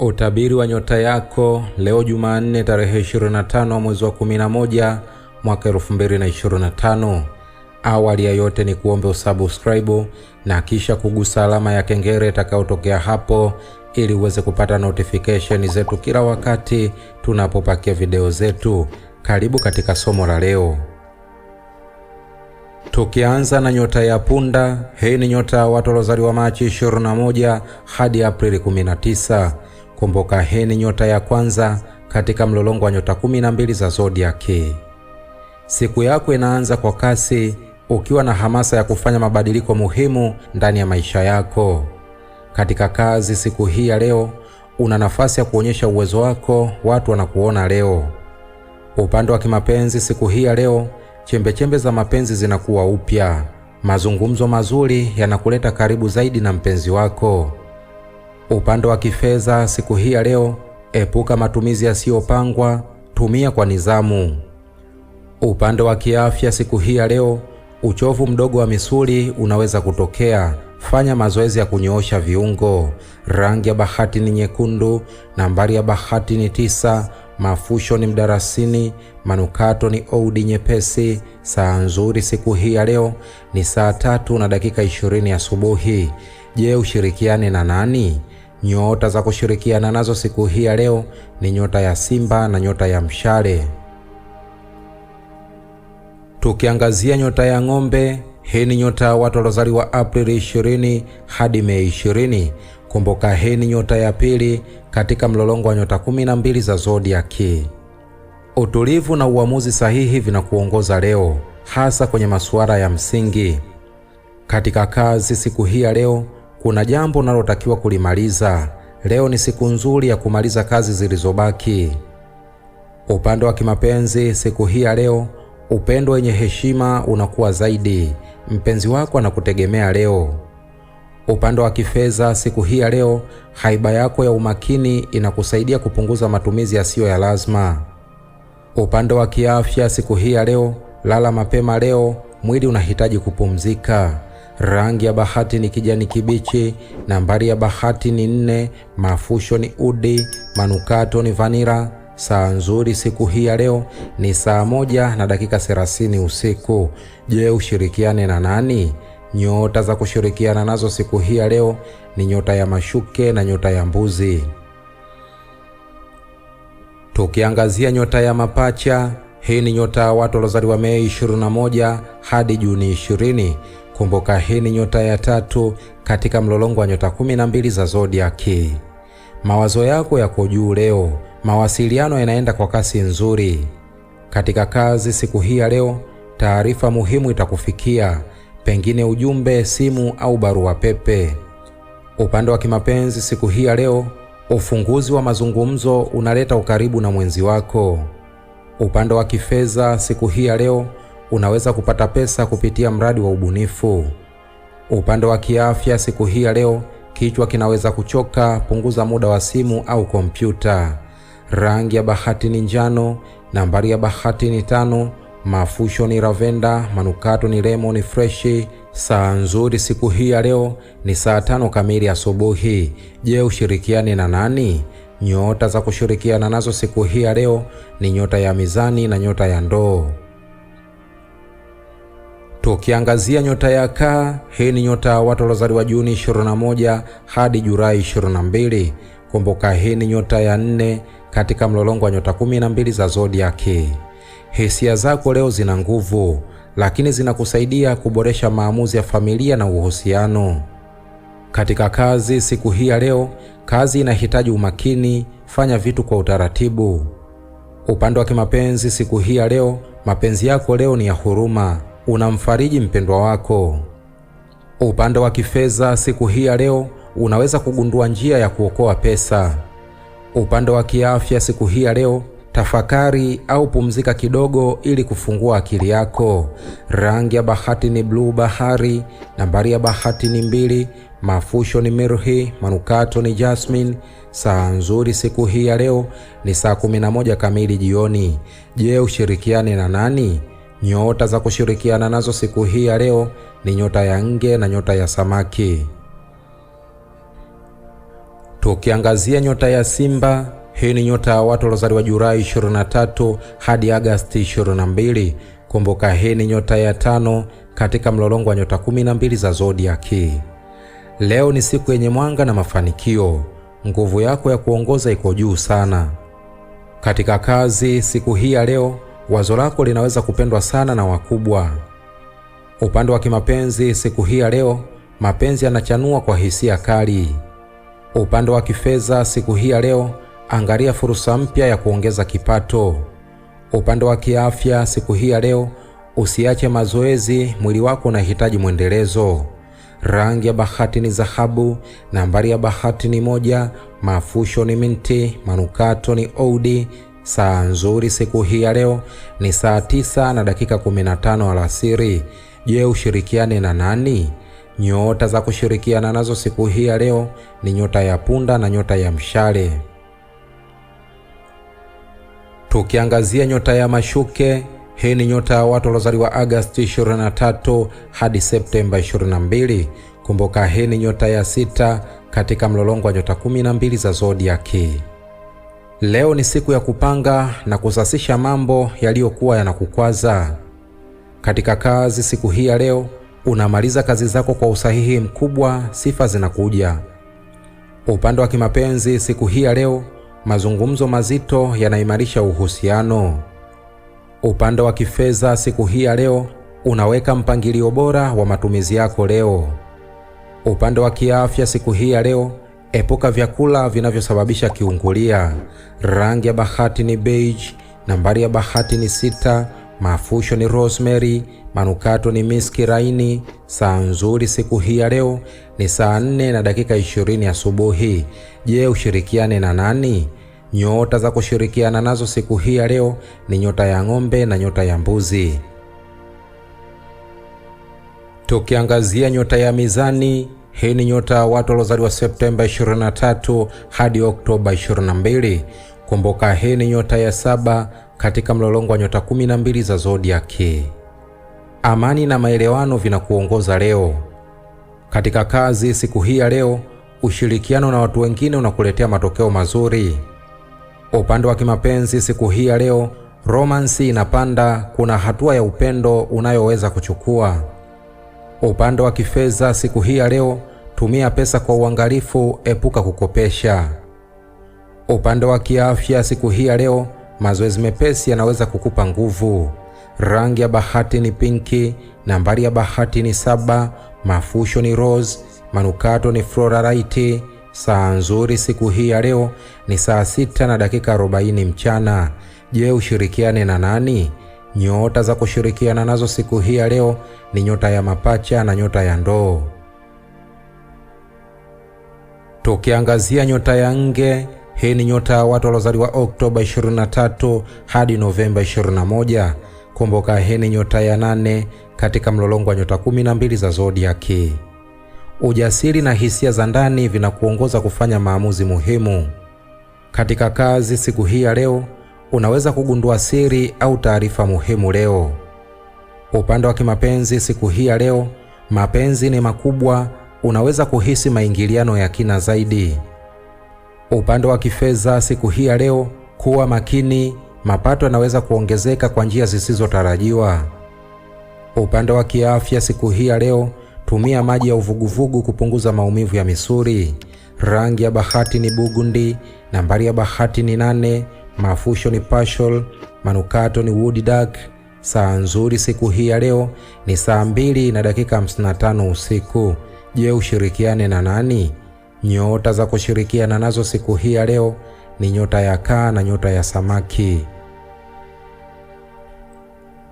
Utabiri wa nyota yako leo Jumanne tarehe 25 mwezi wa 11 mwaka 2025. Awali ya yote ni kuombe usubscribe na kisha kugusa alama ya kengele itakayotokea hapo ili uweze kupata notification zetu kila wakati tunapopakia video zetu. Karibu katika somo la leo. Tukianza na nyota ya punda, hii ni nyota ya watu waliozaliwa Machi 21 hadi Aprili 19. Kumbuka, he ni nyota ya kwanza katika mlolongo wa nyota kumi na mbili za zodiaki. Siku yako inaanza kwa kasi ukiwa na hamasa ya kufanya mabadiliko muhimu ndani ya maisha yako. Katika kazi, siku hii ya leo una nafasi ya kuonyesha uwezo wako, watu wanakuona leo. Upande wa kimapenzi, siku hii ya leo, chembechembe za mapenzi zinakuwa upya. Mazungumzo mazuri yanakuleta karibu zaidi na mpenzi wako. Upande wa kifedha siku hii ya leo, epuka matumizi yasiyopangwa, tumia kwa nidhamu. Upande wa kiafya siku hii ya leo, uchovu mdogo wa misuli unaweza kutokea. Fanya mazoezi ya kunyoosha viungo. Rangi ya bahati ni nyekundu. Nambari ya bahati ni tisa. Mafusho ni mdarasini. Manukato ni oudi nyepesi. Saa nzuri siku hii ya leo ni saa tatu na dakika ishirini asubuhi. Je, ushirikiane na nani? Nyota za kushirikiana nazo siku hii ya leo ni nyota ya Simba na nyota ya Mshale. Tukiangazia nyota ya Ng'ombe, hii ni nyota ya watu waliozaliwa Aprili 20 hadi Mei 20. Kumbuka, hii ni nyota ya pili katika mlolongo wa nyota 12 za zodiaki. Utulivu na uamuzi sahihi vinakuongoza leo, hasa kwenye masuala ya msingi. Katika kazi siku hii ya leo kuna jambo unalotakiwa kulimaliza. Leo ni siku nzuri ya kumaliza kazi zilizobaki. Upande wa kimapenzi, siku hii ya leo, upendo wenye heshima unakuwa zaidi. Mpenzi wako anakutegemea leo. Upande wa kifedha, siku hii ya leo, haiba yako ya umakini inakusaidia kupunguza matumizi yasiyo ya lazima. Upande wa kiafya, siku hii ya leo, lala mapema leo, mwili unahitaji kupumzika. Rangi ya bahati ni kijani kibichi. Nambari ya bahati ni nne. Mafusho ni udi. Manukato ni vanira. Saa nzuri siku hii ya leo ni saa moja na dakika thelathini usiku. Je, ushirikiane na nani? Nyota za kushirikiana nazo siku hii ya leo ni nyota ya mashuke na nyota ya mbuzi. Tukiangazia nyota ya mapacha, hii ni nyota ya watu waliozaliwa Mei 21 hadi Juni 20. Kumbuka hii ni nyota ya tatu katika mlolongo wa nyota mbili za zodiaki. Mawazo yako yako juu leo, mawasiliano yanaenda kwa kasi nzuri. Katika kazi siku hii ya leo, taarifa muhimu itakufikia, pengine ujumbe, simu au barua pepe. Upande wa kimapenzi siku hii ya leo, ufunguzi wa mazungumzo unaleta ukaribu na mwenzi wako. Upande wa kifedha siku hii ya leo unaweza kupata pesa kupitia mradi wa ubunifu. Upande wa kiafya, siku hii ya leo, kichwa kinaweza kuchoka, punguza muda wa simu au kompyuta. Rangi ya bahati ni njano, nambari ya bahati ni tano, mafusho ni ravenda, manukato ni lemon freshi. Saa nzuri siku hii ya leo ni saa tano kamili asubuhi. Je, ushirikiane na nani? Nyota za kushirikiana nazo siku hii ya leo ni nyota ya mizani na nyota ya ndoo. Tukiangazia nyota ya kaa, hii ni nyota ya watu waliozaliwa Juni 21 hadi Julai 22. Kumbuka hii ni nyota ya nne katika mlolongo wa nyota 12 za zodiaki. Hisia zako leo zina nguvu, lakini zinakusaidia kuboresha maamuzi ya familia na uhusiano. Katika kazi siku hii ya leo, kazi inahitaji umakini, fanya vitu kwa utaratibu. Upande wa kimapenzi siku hii ya leo, mapenzi yako leo ni ya huruma unamfariji mpendwa wako. Upande wa kifedha siku hii ya leo unaweza kugundua njia ya kuokoa pesa. Upande wa kiafya siku hii ya leo, tafakari au pumzika kidogo ili kufungua akili yako. Rangi ya bahati ni bluu bahari. Nambari ya bahati ni mbili. Mafusho ni mirhi, manukato ni jasmine. Saa nzuri siku hii ya leo ni saa 11 kamili jioni. Je, ushirikiane na nani? Nyota za kushirikiana nazo siku hii ya leo ni nyota ya nge na nyota ya samaki. Tukiangazia nyota ya Simba, hii ni nyota ya watu waliozaliwa Julai 23 hadi Agasti 22. Kumbuka, hii ni nyota ya tano katika mlolongo wa nyota 12 za zodiaki. Leo ni siku yenye mwanga na mafanikio. Nguvu yako ya kuongoza iko juu sana. Katika kazi siku hii ya leo, Wazo lako linaweza kupendwa sana na wakubwa. Upande wa kimapenzi siku hii ya leo, mapenzi yanachanua kwa hisia kali. Upande wa kifedha siku hii ya leo, angalia fursa mpya ya kuongeza kipato. Upande wa kiafya siku hii ya leo, usiache mazoezi, mwili wako unahitaji mwendelezo. Rangi ya bahati ni dhahabu, nambari ya bahati ni moja, mafusho ni minti, manukato ni oudi, Saa nzuri siku hii ya leo ni saa tisa na dakika 15 alasiri. Je, ushirikiane na nani? Nyota za kushirikiana nazo siku hii ya leo ni nyota ya punda na nyota ya mshale. Tukiangazia nyota ya mashuke, hii ni nyota ya watu waliozaliwa Agosti 23 hadi Septemba 22. Kumbuka, hii ni nyota ya sita katika mlolongo wa nyota 12 za zodiaki. Leo ni siku ya kupanga na kusasisha mambo yaliyokuwa yanakukwaza katika kazi. Siku hii ya leo unamaliza kazi zako kwa usahihi mkubwa, sifa zinakuja. Upande wa kimapenzi, siku hii ya leo mazungumzo mazito yanaimarisha uhusiano. Upande wa kifedha, siku hii ya leo unaweka mpangilio bora wa matumizi yako leo. Upande wa kiafya, siku hii ya leo Epuka vyakula vinavyosababisha kiungulia. Rangi ya bahati ni beige, nambari ya bahati ni sita, mafusho ni rosemary, manukato ni miski laini. Saa nzuri siku hii ya leo ni saa nne na dakika ishirini asubuhi. Je, ushirikiane na nani? Nyota za kushirikiana nazo siku hii ya leo ni nyota ya ng'ombe na nyota ya mbuzi. Tukiangazia nyota ya mizani hii ni nyota watu waliozaliwa Septemba 23 hadi Oktoba 22. Kumbuka, hii ni nyota ya saba katika mlolongo wa nyota 12 za zodiaki. Amani na maelewano vinakuongoza leo. Katika kazi siku hii ya leo, ushirikiano na watu wengine unakuletea matokeo mazuri. Upande wa kimapenzi siku hii ya leo, romansi inapanda. Kuna hatua ya upendo unayoweza kuchukua. Upande wa kifedha siku hii ya leo, tumia pesa kwa uangalifu, epuka kukopesha. Upande wa kiafya siku hii ya leo, mazoezi mepesi yanaweza kukupa nguvu. Rangi ya bahati ni pinki, nambari ya bahati ni saba, mafusho ni rose, manukato ni floralaiti. Saa nzuri siku hii ya leo ni saa sita na dakika 40 mchana. Je, ushirikiane na nani? Nyota za kushirikiana nazo siku hii ya leo ni nyota ya mapacha na nyota ya ndoo. Tukiangazia nyota ya nge, hii ni nyota ya watu waliozaliwa Oktoba 23 hadi Novemba 21. Kumbuka, hii ni nyota ya nane katika mlolongo wa nyota 12 za zodiaki. Ujasiri na hisia za ndani vinakuongoza kufanya maamuzi muhimu katika kazi siku hii ya leo unaweza kugundua siri au taarifa muhimu leo. Upande wa kimapenzi siku hii ya leo, mapenzi ni makubwa, unaweza kuhisi maingiliano ya kina zaidi. Upande wa kifedha siku hii ya leo, kuwa makini, mapato yanaweza kuongezeka kwa njia zisizotarajiwa. Upande wa kiafya siku hii ya leo, tumia maji ya uvuguvugu kupunguza maumivu ya misuli. Rangi ya bahati ni bugundi. Nambari ya bahati ni nane. Mafusho ni partial, manukato ni wood duck. Saa nzuri siku hii ya leo ni saa mbili na dakika 55 usiku. Je, ushirikiane na nani? Nyota za kushirikiana nazo siku hii ya leo ni nyota ya kaa na nyota ya samaki.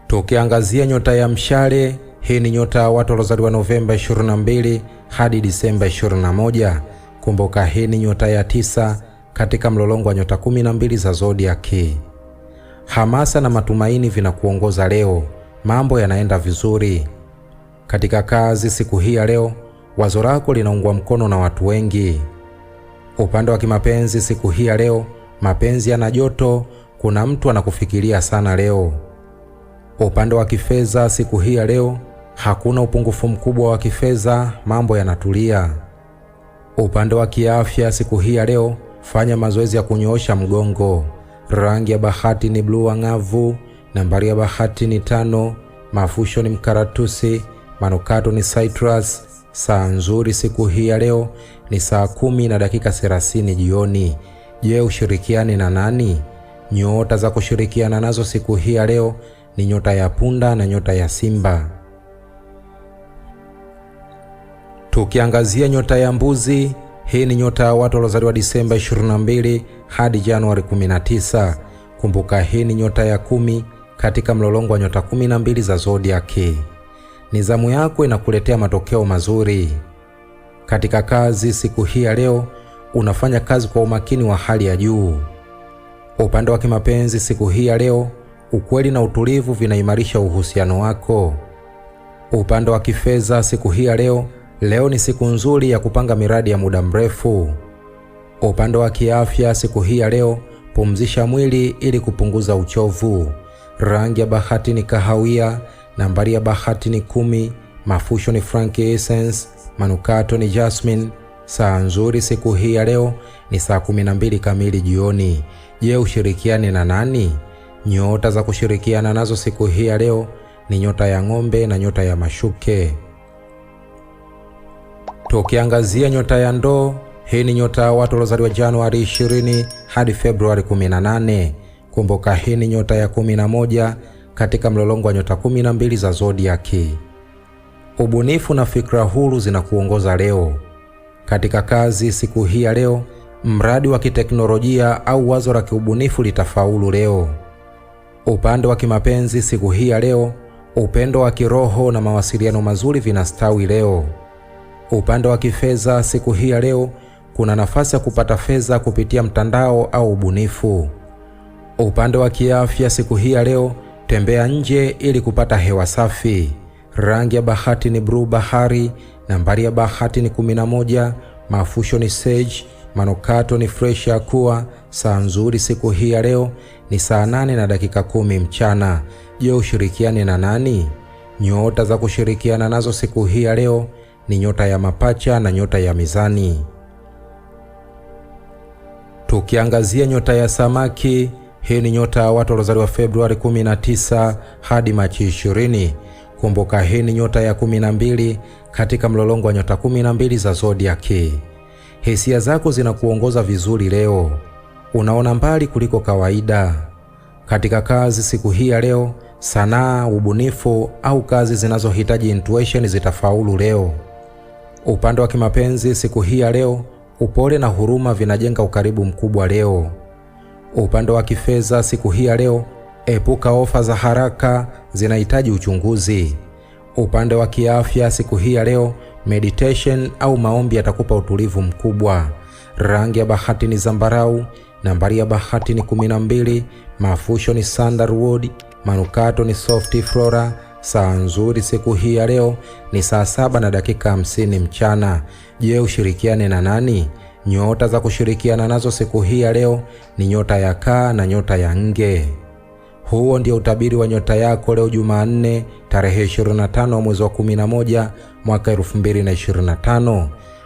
Tukiangazia nyota ya mshale, hii ni nyota ya watu waliozaliwa Novemba 22 hadi Disemba 21. Kumbuka, hii ni nyota ya tisa katika mlolongo wa nyota kumi na mbili za zodiaki. Hamasa na matumaini vinakuongoza leo, mambo yanaenda vizuri katika kazi. Siku hii ya leo, wazo lako linaungwa mkono na watu wengi. Upande wa kimapenzi, siku hii ya leo, mapenzi yana joto, kuna mtu anakufikiria sana leo. Upande wa kifedha, siku hii ya leo, hakuna upungufu mkubwa wa kifedha, mambo yanatulia. Upande wa kiafya, siku hii ya leo, Fanya mazoezi ya kunyoosha mgongo. Rangi ya bahati ni bluu ang'avu. Nambari ya bahati ni tano. Mafusho ni mkaratusi. Manukato ni citrus. Saa nzuri siku hii ya leo ni saa kumi na dakika thelathini jioni. Je, ushirikiane na nani? Nyota za kushirikiana nazo siku hii ya leo ni nyota ya punda na nyota ya simba. Tukiangazia nyota ya mbuzi, hii ni nyota ya watu waliozaliwa Disemba 22 hadi Januari 19. Kumbuka, hii ni nyota ya kumi katika mlolongo wa nyota 12 za zodiaki. Ni zamu yako inakuletea matokeo mazuri katika kazi. Siku hii ya leo unafanya kazi kwa umakini wa hali ya juu. Upande wa kimapenzi, siku hii ya leo, ukweli na utulivu vinaimarisha uhusiano wako. Upande wa kifedha, siku hii ya leo Leo ni siku nzuri ya kupanga miradi ya muda mrefu. upande wa kiafya, siku hii ya leo, pumzisha mwili ili kupunguza uchovu. Rangi ya bahati ni kahawia. Nambari ya bahati ni kumi. Mafusho ni frankincense. Manukato ni jasmine. Saa nzuri siku hii ya leo ni saa 12 kamili jioni. Je, ushirikiane na nani? Nyota za kushirikiana nazo siku hii ya leo ni nyota ya ng'ombe na nyota ya mashuke. Tukiangazia nyota ya ndoo, hii ni nyota ya watu waliozaliwa Januari 20 hadi Februari 18. Kumbuka hii ni nyota ya 11 katika mlolongo wa nyota 12 za zodiaki. Ubunifu na fikra huru zinakuongoza leo katika kazi. Siku hii ya leo, mradi wa kiteknolojia au wazo la kiubunifu litafaulu leo. Upande wa kimapenzi siku hii ya leo, upendo wa kiroho na mawasiliano mazuri vinastawi leo. Upande wa kifedha, siku hii ya leo kuna nafasi ya kupata fedha kupitia mtandao au ubunifu. Upande wa kiafya, siku hii ya leo tembea nje ili kupata hewa safi. Rangi ya bahati ni bluu bahari. Nambari ya bahati ni 11. Mafusho ni sage. Manukato ni fresh ya kuwa. Saa nzuri siku hii ya leo ni saa nane na dakika kumi mchana. Je, ushirikiane na nani? Nyota za kushirikiana nazo siku hii ya leo ni nyota ya mapacha na nyota ya mizani. Tukiangazia nyota ya samaki, hii ni nyota ya watu waliozaliwa Februari 19 hadi Machi 20. Kumbuka, hii ni nyota ya 12 katika mlolongo wa nyota 12 za zodiaki. Hisia zako zinakuongoza vizuri leo, unaona mbali kuliko kawaida. Katika kazi siku hii ya leo, sanaa, ubunifu au kazi zinazohitaji intuition zitafaulu leo. Upande wa kimapenzi siku hii ya leo, upole na huruma vinajenga ukaribu mkubwa leo. Upande wa kifedha siku hii ya leo, epuka ofa za haraka, zinahitaji uchunguzi. Upande wa kiafya siku hii ya leo, meditation au maombi yatakupa utulivu mkubwa. Rangi ya bahati ni zambarau. Nambari ya bahati ni 12. Mafusho ni sandalwood. Manukato ni soft flora. Saa nzuri siku hii ya leo ni saa saba na dakika hamsini mchana. Je, ushirikiane na nani? Nyota za kushirikiana nazo siku hii ya leo ni nyota ya kaa na nyota ya nge. Huo ndio utabiri wa nyota yako leo Jumanne tarehe 25 mwezi wa 11 mwaka 2025